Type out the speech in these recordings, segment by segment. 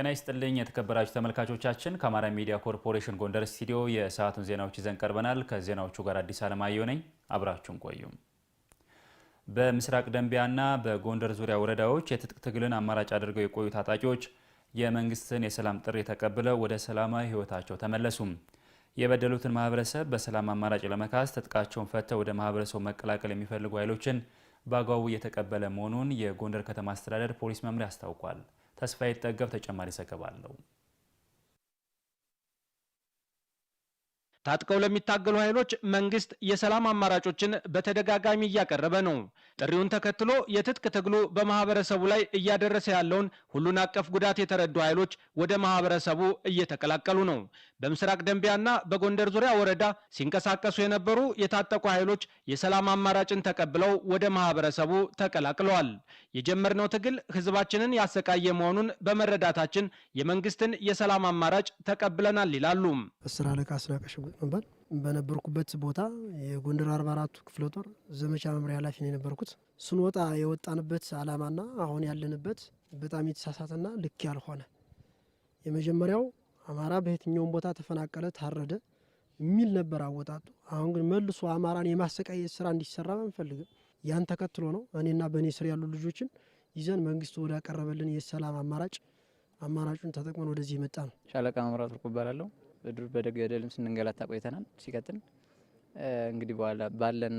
ጤና ይስጥልኝ የተከበራችሁ ተመልካቾቻችን፣ ከአማራ ሚዲያ ኮርፖሬሽን ጎንደር ስቱዲዮ የሰዓቱን ዜናዎች ይዘን ቀርበናል። ከዜናዎቹ ጋር አዲስ አለማየሁ ነኝ፣ አብራችሁን ቆዩ። በምስራቅ ደንቢያና በጎንደር ዙሪያ ወረዳዎች የትጥቅ ትግልን አማራጭ አድርገው የቆዩ ታጣቂዎች የመንግስትን የሰላም ጥሪ ተቀብለው ወደ ሰላማዊ ህይወታቸው ተመለሱም። የበደሉትን ማህበረሰብ በሰላም አማራጭ ለመካስ ትጥቃቸውን ፈተው ወደ ማህበረሰቡ መቀላቀል የሚፈልጉ ኃይሎችን በአግባቡ እየተቀበለ መሆኑን የጎንደር ከተማ አስተዳደር ፖሊስ መምሪያ አስታውቋል። ተስፋዬ ጠገብ ተጨማሪ ዘገባ አለው። ታጥቀው ለሚታገሉ ኃይሎች መንግስት የሰላም አማራጮችን በተደጋጋሚ እያቀረበ ነው። ጥሪውን ተከትሎ የትጥቅ ትግሉ በማህበረሰቡ ላይ እያደረሰ ያለውን ሁሉን አቀፍ ጉዳት የተረዱ ኃይሎች ወደ ማህበረሰቡ እየተቀላቀሉ ነው። በምስራቅ ደንቢያና በጎንደር ዙሪያ ወረዳ ሲንቀሳቀሱ የነበሩ የታጠቁ ኃይሎች የሰላም አማራጭን ተቀብለው ወደ ማህበረሰቡ ተቀላቅለዋል። የጀመርነው ትግል ህዝባችንን ያሰቃየ መሆኑን በመረዳታችን የመንግስትን የሰላም አማራጭ ተቀብለናል ይላሉ። ነበር። በነበርኩበት ቦታ የጎንደር አርባ አራቱ ክፍለ ጦር ዘመቻ መምሪያ ኃላፊ ነው የነበርኩት። ስንወጣ የወጣንበት አላማና አሁን ያለንበት በጣም የተሳሳተና ልክ ያልሆነ የመጀመሪያው አማራ በየትኛውም ቦታ ተፈናቀለ፣ ታረደ የሚል ነበር አወጣጡ። አሁን ግን መልሶ አማራን የማሰቃየት ስራ እንዲሰራ አንፈልግም። ያን ተከትሎ ነው እኔና በእኔ ስር ያሉ ልጆችን ይዘን መንግስቱ ወዳቀረበልን የሰላም አማራጭ አማራጩን ተጠቅመን ወደዚህ የመጣ ነው። ሻለቃ መምራት እባላለሁ። በዱር በገደልም ስንንገላታ ቆይተናል። ሲቀጥል እንግዲህ በኋላ ባለን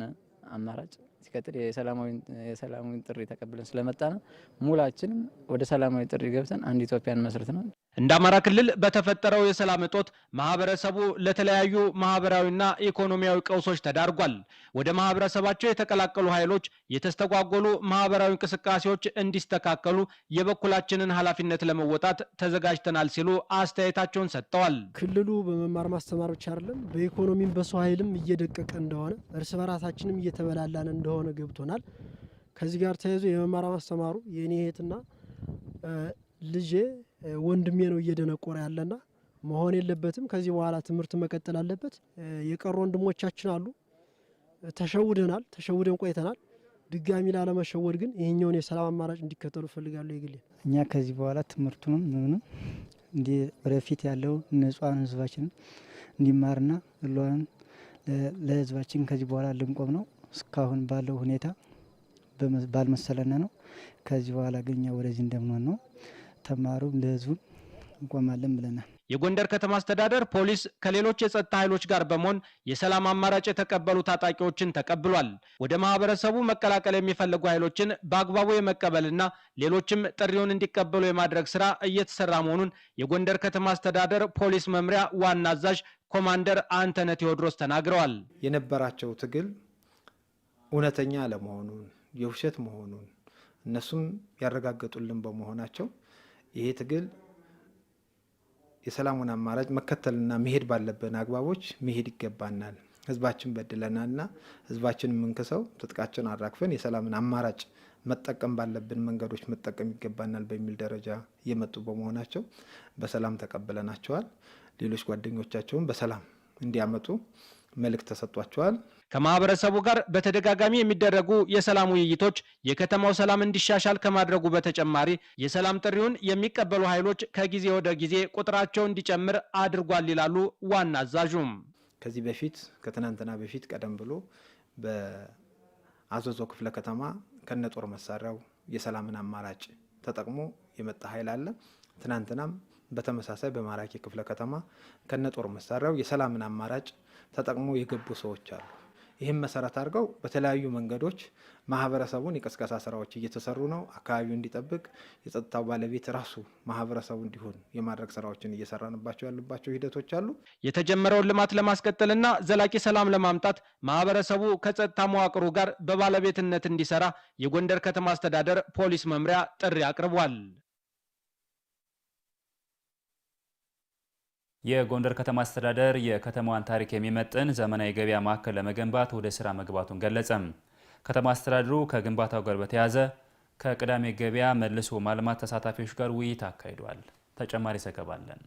አማራጭ ሲቀጥል የሰላማዊ ጥሪ ተቀብለን ስለመጣ ነው ሙላችንም ወደ ሰላማዊ ጥሪ ገብተን አንድ ኢትዮጵያን መስርት ነው። እንደ አማራ ክልል በተፈጠረው የሰላም እጦት ማህበረሰቡ ለተለያዩ ማህበራዊና ኢኮኖሚያዊ ቀውሶች ተዳርጓል። ወደ ማህበረሰባቸው የተቀላቀሉ ኃይሎች የተስተጓጎሉ ማህበራዊ እንቅስቃሴዎች እንዲስተካከሉ የበኩላችንን ኃላፊነት ለመወጣት ተዘጋጅተናል ሲሉ አስተያየታቸውን ሰጥተዋል። ክልሉ በመማር ማስተማር ብቻ አይደለም፣ በኢኮኖሚም በሰው ኃይልም እየደቀቀ እንደሆነ እርስ በራሳችንም እየተበላላን እንደሆነ ገብቶናል። ከዚህ ጋር ተያይዞ የመማር ማስተማሩ የኔ እህትና ልጄ ወንድሜ ነው እየደነቆረ ያለና መሆን የለበትም። ከዚህ በኋላ ትምህርት መቀጠል አለበት። የቀሩ ወንድሞቻችን አሉ። ተሸውደናል፣ ተሸውደን ቆይተናል። ድጋሚ ላለመሸወድ ግን ይህኛውን የሰላም አማራጭ እንዲከተሉ እፈልጋለሁ። የግሌ እኛ ከዚህ በኋላ ትምህርቱንም ምንም እንዲ ወደፊት ያለው ንጹሐን ህዝባችንን እንዲማርና ህሏን ለህዝባችን ከዚህ በኋላ ልንቆም ነው። እስካሁን ባለው ሁኔታ ባልመሰለነ ነው። ከዚህ በኋላ ግን እኛ ወደዚህ እንደምንሆን ነው ተማሩም ለህዝቡም እንቆማለን ብለናል። የጎንደር ከተማ አስተዳደር ፖሊስ ከሌሎች የጸጥታ ኃይሎች ጋር በመሆን የሰላም አማራጭ የተቀበሉ ታጣቂዎችን ተቀብሏል። ወደ ማህበረሰቡ መቀላቀል የሚፈልጉ ኃይሎችን በአግባቡ የመቀበልና ሌሎችም ጥሪውን እንዲቀበሉ የማድረግ ስራ እየተሰራ መሆኑን የጎንደር ከተማ አስተዳደር ፖሊስ መምሪያ ዋና አዛዥ ኮማንደር አንተነ ቴዎድሮስ ተናግረዋል። የነበራቸው ትግል እውነተኛ አለመሆኑን የውሸት መሆኑን እነሱም ያረጋገጡልን በመሆናቸው ይሄ ትግል የሰላሙን አማራጭ መከተልና መሄድ ባለብን አግባቦች መሄድ ይገባናል። ህዝባችን በድለናልና ህዝባችን የምንክሰው ትጥቃችን አራክፈን የሰላምን አማራጭ መጠቀም ባለብን መንገዶች መጠቀም ይገባናል በሚል ደረጃ እየመጡ በመሆናቸው በሰላም ተቀብለናቸዋል። ሌሎች ጓደኞቻቸውን በሰላም እንዲያመጡ መልእክት ተሰጥቷቸዋል። ከማህበረሰቡ ጋር በተደጋጋሚ የሚደረጉ የሰላም ውይይቶች የከተማው ሰላም እንዲሻሻል ከማድረጉ በተጨማሪ የሰላም ጥሪውን የሚቀበሉ ኃይሎች ከጊዜ ወደ ጊዜ ቁጥራቸው እንዲጨምር አድርጓል ይላሉ ዋና አዛዡም። ከዚህ በፊት ከትናንትና በፊት ቀደም ብሎ በአዘዞ ክፍለ ከተማ ከነጦር መሳሪያው የሰላምን አማራጭ ተጠቅሞ የመጣ ኃይል አለ። ትናንትናም በተመሳሳይ በማራኪ ክፍለ ከተማ ከነጦር መሳሪያው የሰላምን አማራጭ ተጠቅሞ የገቡ ሰዎች አሉ። ይህም መሰረት አድርገው በተለያዩ መንገዶች ማህበረሰቡን የቀስቀሳ ስራዎች እየተሰሩ ነው። አካባቢው እንዲጠብቅ የጸጥታው ባለቤት ራሱ ማህበረሰቡ እንዲሆን የማድረግ ስራዎችን እየሰራንባቸው ያሉባቸው ሂደቶች አሉ። የተጀመረውን ልማት ለማስቀጠልና ዘላቂ ሰላም ለማምጣት ማህበረሰቡ ከጸጥታ መዋቅሩ ጋር በባለቤትነት እንዲሰራ የጎንደር ከተማ አስተዳደር ፖሊስ መምሪያ ጥሪ አቅርቧል። የጎንደር ከተማ አስተዳደር የከተማዋን ታሪክ የሚመጥን ዘመናዊ ገበያ ማዕከል ለመገንባት ወደ ስራ መግባቱን ገለጸም። ከተማ አስተዳደሩ ከግንባታው ጋር በተያያዘ ከቅዳሜ ገበያ መልሶ ማልማት ተሳታፊዎች ጋር ውይይት አካሂዷል። ተጨማሪ ዘገባ አለን።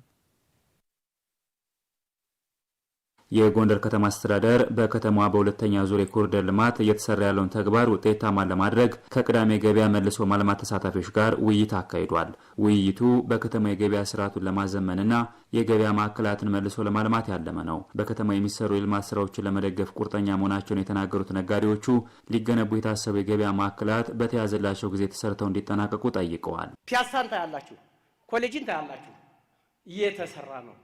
የጎንደር ከተማ አስተዳደር በከተማዋ በሁለተኛ ዙር የኮሪደር ልማት እየተሰራ ያለውን ተግባር ውጤታማ ለማድረግ ከቅዳሜ ገበያ መልሶ ማልማት ተሳታፊዎች ጋር ውይይት አካሂዷል። ውይይቱ በከተማ የገበያ ስርዓቱን ለማዘመንና የገበያ ማዕከላትን መልሶ ለማልማት ያለመ ነው። በከተማ የሚሰሩ የልማት ስራዎችን ለመደገፍ ቁርጠኛ መሆናቸውን የተናገሩት ነጋዴዎቹ ሊገነቡ የታሰቡ የገበያ ማዕከላት በተያዘላቸው ጊዜ ተሰርተው እንዲጠናቀቁ ጠይቀዋል። ፒያሳን ታያላችሁ፣ ኮሌጅን ታያላችሁ፣ እየተሰራ ነው።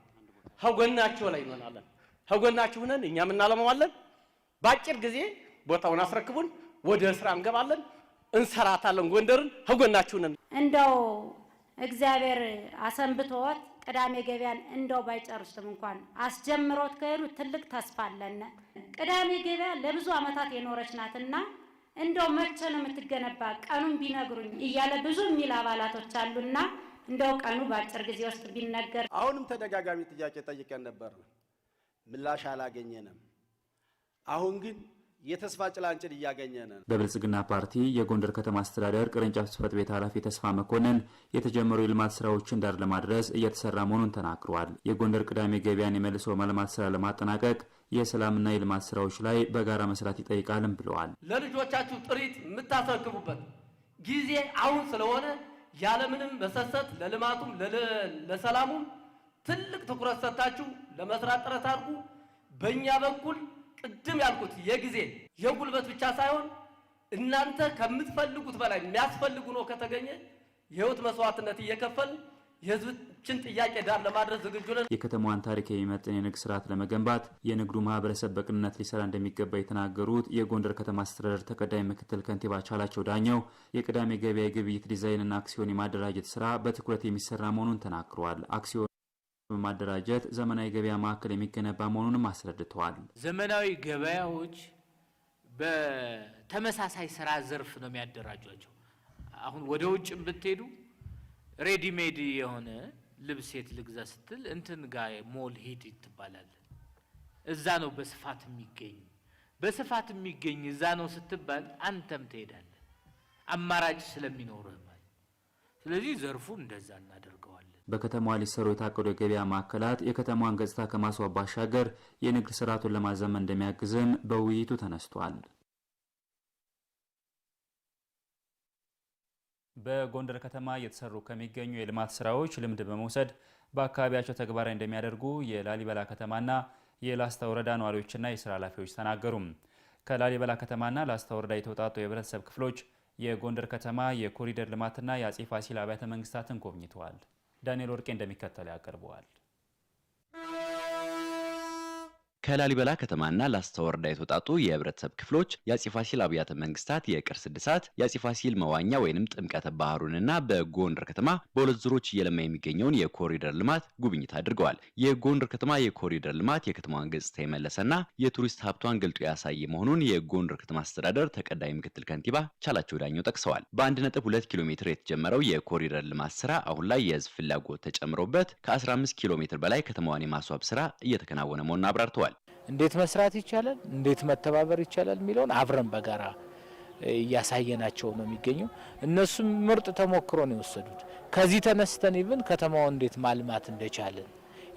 ከጎናቸው ላይ እንሆናለን። ከጎናችሁ ነን፣ እኛ እናለማዋለን። በአጭር ጊዜ ቦታውን አስረክቡን፣ ወደ ስራ እንገባለን፣ እንሰራታለን። ጎንደርን ከጎናችሁ ነን። እንደው እግዚአብሔር አሰንብቶት ቅዳሜ ገበያን እንደው ባይጨርሱትም እንኳን አስጀምሮት ከሄዱ ትልቅ ተስፋ አለን። ቅዳሜ ገበያ ለብዙ ዓመታት የኖረች ናትና እንደው መቼ ነው የምትገነባ ቀኑን ቢነግሩኝ እያለ ብዙ የሚል አባላቶች አሉና እንደው ቀኑ በአጭር ጊዜ ውስጥ ቢነገር። አሁንም ተደጋጋሚ ጥያቄ ጠይቀን ነበር። ምላሽ አላገኘንም። አሁን ግን የተስፋ ጭላንጭል እያገኘ ነው። በብልጽግና ፓርቲ የጎንደር ከተማ አስተዳደር ቅርንጫፍ ጽሕፈት ቤት ኃላፊ ተስፋ መኮንን የተጀመሩ የልማት ስራዎችን ዳር ለማድረስ እየተሰራ መሆኑን ተናግረዋል። የጎንደር ቅዳሜ ገበያን የመልሶ ማልማት ስራ ለማጠናቀቅ የሰላምና የልማት ስራዎች ላይ በጋራ መስራት ይጠይቃልም ብለዋል። ለልጆቻችሁ ጥሪት የምታስረክቡበት ጊዜ አሁን ስለሆነ ያለምንም መሰሰት ለልማቱም ለሰላሙም ትልቅ ትኩረት ሰጥታችሁ ለመስራት ጥረት አድርጉ። በእኛ በኩል ቅድም ያልኩት የጊዜ የጉልበት ብቻ ሳይሆን እናንተ ከምትፈልጉት በላይ የሚያስፈልጉ ነው ከተገኘ የህይወት መስዋዕትነት እየከፈል የህዝብችን ጥያቄ ዳር ለማድረስ ዝግጁ ነን። የከተማዋን ታሪክ የሚመጥን የንግድ ስርዓት ለመገንባት የንግዱ ማህበረሰብ በቅንነት ሊሰራ እንደሚገባ የተናገሩት የጎንደር ከተማ አስተዳደር ተቀዳሚ ምክትል ከንቲባ ቻላቸው ዳኘው የቅዳሜ ገበያ የግብይት ዲዛይንና አክሲዮን የማደራጀት ስራ በትኩረት የሚሰራ መሆኑን ተናግረዋል። አክሲዮን በማደራጀት ዘመናዊ ገበያ ማዕከል የሚገነባ መሆኑንም አስረድተዋል። ዘመናዊ ገበያዎች በተመሳሳይ ስራ ዘርፍ ነው የሚያደራጇቸው። አሁን ወደ ውጭም ብትሄዱ ሬዲሜድ የሆነ ልብስ የት ልግዛ ስትል እንትን ጋ ሞል ሂድ ትባላል። እዛ ነው በስፋት የሚገኝ በስፋት የሚገኝ እዛ ነው ስትባል አንተም ትሄዳለ አማራጭ ስለሚኖርህ ማለት። ስለዚህ ዘርፉ እንደዛ እናደርገዋለን። በከተማዋ ሊሰሩ የታቀዱ የገበያ ማዕከላት የከተማዋን ገጽታ ከማስዋብ ባሻገር የንግድ ስርዓቱን ለማዘመን እንደሚያግዝም በውይይቱ ተነስቷል። በጎንደር ከተማ እየተሰሩ ከሚገኙ የልማት ስራዎች ልምድ በመውሰድ በአካባቢያቸው ተግባራዊ እንደሚያደርጉ የላሊበላ ከተማና የላስታ ወረዳ ነዋሪዎችና የስራ ኃላፊዎች ተናገሩም። ከላሊበላ ከተማና ላስታ ወረዳ የተውጣጡ የህብረተሰብ ክፍሎች የጎንደር ከተማ የኮሪደር ልማትና የአጼ ፋሲል አብያተ መንግስታትን ጎብኝተዋል። ዳንኤል ወርቄ እንደሚከተለው ያቀርበዋል። ከላሊበላ ከተማና ላስታ ወረዳ የተውጣጡ የህብረተሰብ ክፍሎች የአጼ ፋሲል አብያተ መንግስታት የቅርስ እድሳት የአጼ ፋሲል መዋኛ ወይንም ጥምቀተ ባህሩንና በጎንደር ከተማ በሁለት ዙሮች እየለማ የሚገኘውን የኮሪደር ልማት ጉብኝት አድርገዋል። የጎንደር ከተማ የኮሪደር ልማት የከተማዋን ገጽታ የመለሰና የቱሪስት ሀብቷን ገልጦ ያሳየ መሆኑን የጎንደር ከተማ አስተዳደር ተቀዳሚ ምክትል ከንቲባ ቻላቸው ዳኘው ጠቅሰዋል። በ ነጥብ ኪሎ ሜትር የተጀመረው የኮሪደር ልማት ስራ አሁን ላይ የህዝብ ፍላጎት ተጨምሮበት ከ15 ኪሎ ሜትር በላይ ከተማዋን የማስዋብ ስራ እየተከናወነ መሆኑን አብራርተዋል። ተጠቅሟል። እንዴት መስራት ይቻላል፣ እንዴት መተባበር ይቻላል የሚለውን አብረን በጋራ እያሳየናቸው ነው የሚገኙ። እነሱም ምርጥ ተሞክሮ ነው የወሰዱት። ከዚህ ተነስተን ይብን ከተማውን እንዴት ማልማት እንደቻለን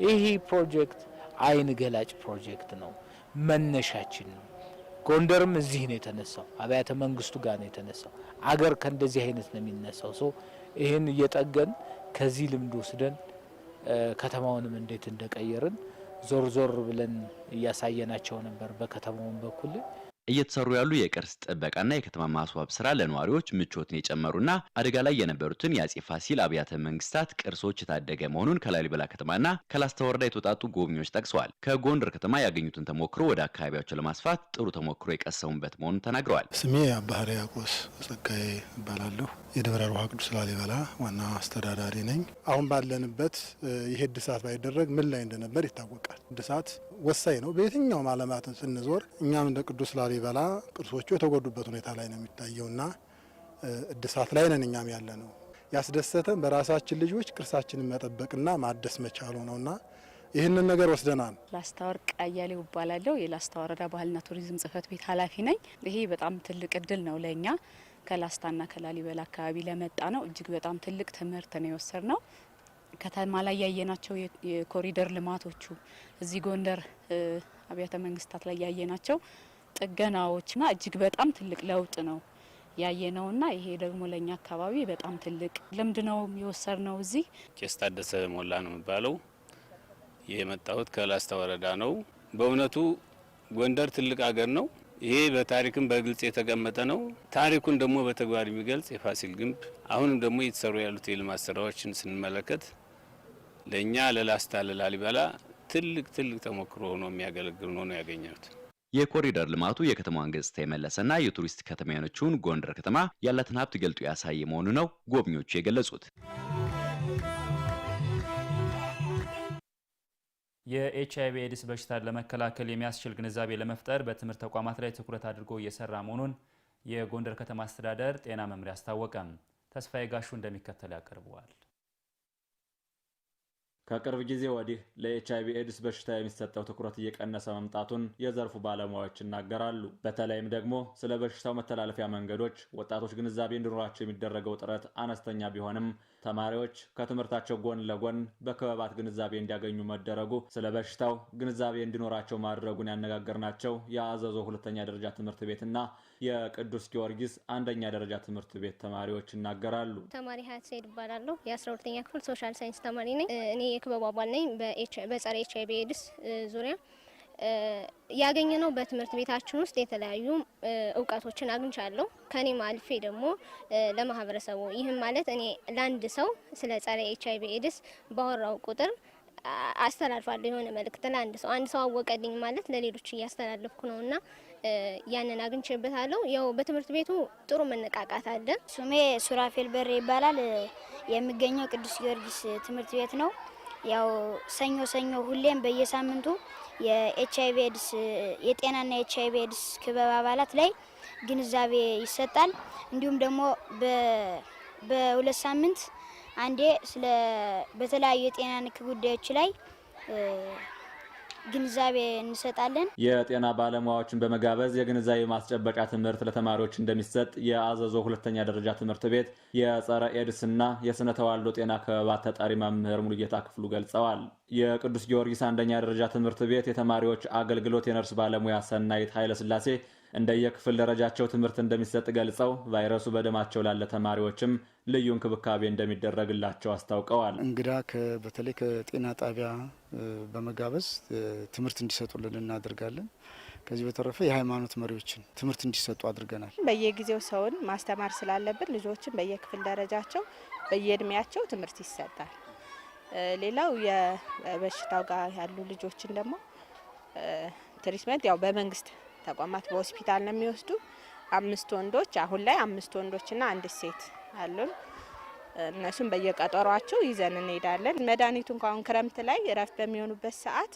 ይህ ፕሮጀክት አይን ገላጭ ፕሮጀክት ነው፣ መነሻችን ነው። ጎንደርም እዚህ ነው የተነሳው፣ አብያተ መንግስቱ ጋር ነው የተነሳው። አገር ከእንደዚህ አይነት ነው የሚነሳው። ሰው ይህን እየጠገን ከዚህ ልምድ ወስደን ከተማውንም እንዴት እንደቀየርን ዞር ዞር ብለን እያሳየናቸው ነበር። በከተማውን በኩል እየተሰሩ ያሉ የቅርስ ጥበቃና የከተማ ማስዋብ ስራ ለነዋሪዎች ምቾትን የጨመሩና አደጋ ላይ የነበሩትን የአጼ ፋሲል አብያተ መንግስታት ቅርሶች የታደገ መሆኑን ከላሊበላ ከተማና ከላስታ ወረዳ የተውጣጡ ጎብኚዎች ጠቅሰዋል። ከጎንደር ከተማ ያገኙትን ተሞክሮ ወደ አካባቢያቸው ለማስፋት ጥሩ ተሞክሮ የቀሰሙበት መሆኑን ተናግረዋል። ስሜ አባህሪ ያቆስ ጸጋዬ እባላለሁ። የደብረ ሮሃ ቅዱስ ላሊበላ ዋና አስተዳዳሪ ነኝ። አሁን ባለንበት ይሄ እድሳት ባይደረግ ምን ላይ እንደነበር ይታወቃል። እድሳት ወሳኝ ነው። በየትኛውም አለማት ስንዞር እኛም እንደ ቅዱስ ላሊበላ ቅርሶቹ የተጎዱበት ሁኔታ ላይ ነው የሚታየውና እድሳት ላይ ነን እኛም ያለ ነው። ያስደሰተን በራሳችን ልጆች ቅርሳችንን መጠበቅና ማደስ መቻሉ ነውና ይህንን ነገር ወስደናል። ላስታወርቅ አያሌው እባላለሁ። የላስታ ወረዳ ባህልና ቱሪዝም ጽህፈት ቤት ኃላፊ ነኝ። ይሄ በጣም ትልቅ እድል ነው ለእኛ ከላስታና ከላሊበላ አካባቢ ለመጣ ነው እጅግ በጣም ትልቅ ትምህርት ነው የወሰድ ነው። ከተማ ላይ ያየናቸው የኮሪደር ልማቶቹ እዚህ ጎንደር አብያተ መንግስታት ላይ ያየናቸው ጥገናዎችና እጅግ በጣም ትልቅ ለውጥ ነው እና ይሄ ደግሞ ለኛ አካባቢ በጣም ትልቅ ልምድ ነው የወሰድነው። እዚህ ቄስ ታደሰ ሞላ ነው የሚባለው። የመጣሁት ከላስታ ወረዳ ነው። በእውነቱ ጎንደር ትልቅ ሀገር ነው። ይሄ በታሪክም በግልጽ የተቀመጠ ነው። ታሪኩን ደግሞ በተግባር የሚገልጽ የፋሲል ግንብ፣ አሁንም ደግሞ እየተሰሩ ያሉት የልማት ስራዎችን ስንመለከት ለእኛ ለላስታ ለላሊበላ ትልቅ ትልቅ ተሞክሮ ሆኖ የሚያገለግል ሆኖ ያገኘሁት። የኮሪደር ልማቱ የከተማዋን ገጽታ የመለሰና የቱሪስት ከተማ የሆነችውን ጎንደር ከተማ ያላትን ሀብት ገልጦ ያሳየ መሆኑ ነው ጎብኚዎቹ የገለጹት። የኤች አይቪ ኤድስ በሽታን ለመከላከል የሚያስችል ግንዛቤ ለመፍጠር በትምህርት ተቋማት ላይ ትኩረት አድርጎ እየሰራ መሆኑን የጎንደር ከተማ አስተዳደር ጤና መምሪያ አስታወቀም። ተስፋዬ ጋሹ እንደሚከተል ያቀርበዋል። ከቅርብ ጊዜ ወዲህ ለኤች አይቪ ኤድስ በሽታ የሚሰጠው ትኩረት እየቀነሰ መምጣቱን የዘርፉ ባለሙያዎች ይናገራሉ። በተለይም ደግሞ ስለ በሽታው መተላለፊያ መንገዶች ወጣቶች ግንዛቤ እንዲኖራቸው የሚደረገው ጥረት አነስተኛ ቢሆንም ተማሪዎች ከትምህርታቸው ጎን ለጎን በክበባት ግንዛቤ እንዲያገኙ መደረጉ ስለ በሽታው ግንዛቤ እንዲኖራቸው ማድረጉን ያነጋገርናቸው የአዘዞ ሁለተኛ ደረጃ ትምህርት ቤትና የቅዱስ ጊዮርጊስ አንደኛ ደረጃ ትምህርት ቤት ተማሪዎች ይናገራሉ። ተማሪ ሀያት ሰይድ ይባላለሁ። የአስራ ሁለተኛ ክፍል ሶሻል ሳይንስ ተማሪ ነኝ። እኔ የክበቡ አባል ነኝ። በጸረ ኤች አይቪ ኤድስ ዙሪያ ያገኘ ነው። በትምህርት ቤታችን ውስጥ የተለያዩ እውቀቶችን አግኝቻለሁ። ከኔም አልፌ ደግሞ ለማህበረሰቡ ይህም ማለት እኔ ለአንድ ሰው ስለ ጸረ ኤች ቪ ኤድስ ባወራው ቁጥር አስተላልፋለሁ የሆነ መልእክት ለአንድ ሰው አንድ ሰው አወቀልኝ ማለት ለሌሎች እያስተላለፍኩ ነውና ያንን አግኝቼበታለሁ። ያው በትምህርት ቤቱ ጥሩ መነቃቃት አለ። ስሜ ሱራፌል በሬ ይባላል። የሚገኘው ቅዱስ ጊዮርጊስ ትምህርት ቤት ነው። ያው ሰኞ ሰኞ ሁሌም በየሳምንቱ የኤች ኤድስ የጤናና የኤች አይቪ ኤድስ ክበብ አባላት ላይ ግንዛቤ ይሰጣል። እንዲሁም ደግሞ በሁለት ሳምንት አንዴ ስለ በተለያዩ የጤና ንክ ጉዳዮች ላይ ግንዛቤ እንሰጣለን። የጤና ባለሙያዎችን በመጋበዝ የግንዛቤ ማስጨበጫ ትምህርት ለተማሪዎች እንደሚሰጥ የአዘዞ ሁለተኛ ደረጃ ትምህርት ቤት የጸረ ኤድስና የስነ ተዋልዶ ጤና ክበባት ተጠሪ መምህር ሙሉጌታ ክፍሉ ገልጸዋል። የቅዱስ ጊዮርጊስ አንደኛ ደረጃ ትምህርት ቤት የተማሪዎች አገልግሎት የነርስ ባለሙያ ሰናይት ኃይለስላሴ እንደየክፍል ደረጃቸው ትምህርት እንደሚሰጥ ገልጸው ቫይረሱ በደማቸው ላለ ተማሪዎችም ልዩ እንክብካቤ እንደሚደረግላቸው አስታውቀዋል። እንግዳ በተለይ ከጤና ጣቢያ በመጋበዝ ትምህርት እንዲሰጡልን እናደርጋለን። ከዚህ በተረፈ የሃይማኖት መሪዎችን ትምህርት እንዲሰጡ አድርገናል። በየጊዜው ሰውን ማስተማር ስላለብን ልጆችን በየክፍል ደረጃቸው በየእድሜያቸው ትምህርት ይሰጣል። ሌላው የበሽታው ጋር ያሉ ልጆችን ደግሞ ትሪትመንት ያው በመንግስት ተቋማት በሆስፒታል ነው የሚወስዱ። አምስት ወንዶች አሁን ላይ አምስት ወንዶችና አንድ ሴት አሉን። እነሱን በየቀጠሯቸው ይዘን እንሄዳለን። መድኃኒቱ እንኳ ክረምት ላይ እረፍት በሚሆኑበት ሰዓት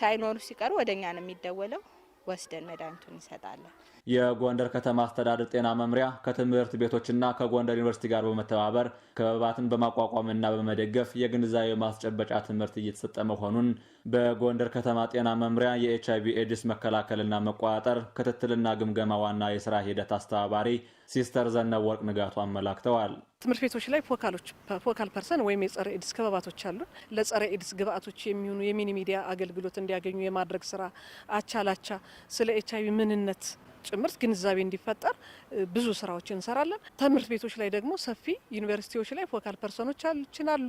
ሳይኖሩ ሲቀሩ ወደኛ ነው የሚደወለው። ወስደን መድኃኒቱን እንሰጣለን። የጎንደር ከተማ አስተዳደር ጤና መምሪያ ከትምህርት ቤቶችና ከጎንደር ዩኒቨርሲቲ ጋር በመተባበር ክበባትን በማቋቋምና በመደገፍ የግንዛቤ ማስጨበጫ ትምህርት እየተሰጠ መሆኑን በጎንደር ከተማ ጤና መምሪያ የኤች አይቪ ኤድስ መከላከልና መቆጣጠር ክትትልና ግምገማ ዋና የስራ ሂደት አስተባባሪ ሲስተር ዘነብ ወርቅ ንጋቱ አመላክተዋል። ትምህርት ቤቶች ላይ ፎካሎች ፎካል ፐርሰን ወይም የጸረ ኤድስ ክበባቶች አሉ። ለጸረ ኤድስ ግብአቶች የሚሆኑ የሚኒ ሚዲያ አገልግሎት እንዲያገኙ የማድረግ ስራ አቻላቻ ስለ ኤች አይቪ ምንነት ጭምር ግንዛቤ እንዲፈጠር ብዙ ስራዎች እንሰራለን። ትምህርት ቤቶች ላይ ደግሞ ሰፊ ዩኒቨርሲቲዎች ላይ ፎካል ፐርሰኖች አልችናሉ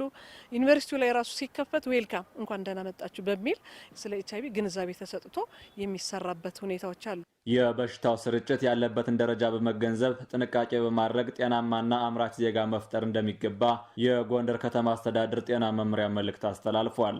ዩኒቨርሲቲው ላይ ራሱ ሲከፈት ዌልካም እንኳን ደህና መጣችሁ በሚል ስለ ኤች አይቪ ግንዛቤ ተሰጥቶ የሚሰራበት ሁኔታዎች አሉ። የበሽታው ስርጭት ያለበትን ደረጃ በመገንዘብ ጥንቃቄ በማድረግ ጤናማና አምራች ዜጋ መፍጠር እንደሚገባ የጎንደር ከተማ አስተዳደር ጤና መምሪያ መልእክት አስተላልፏል።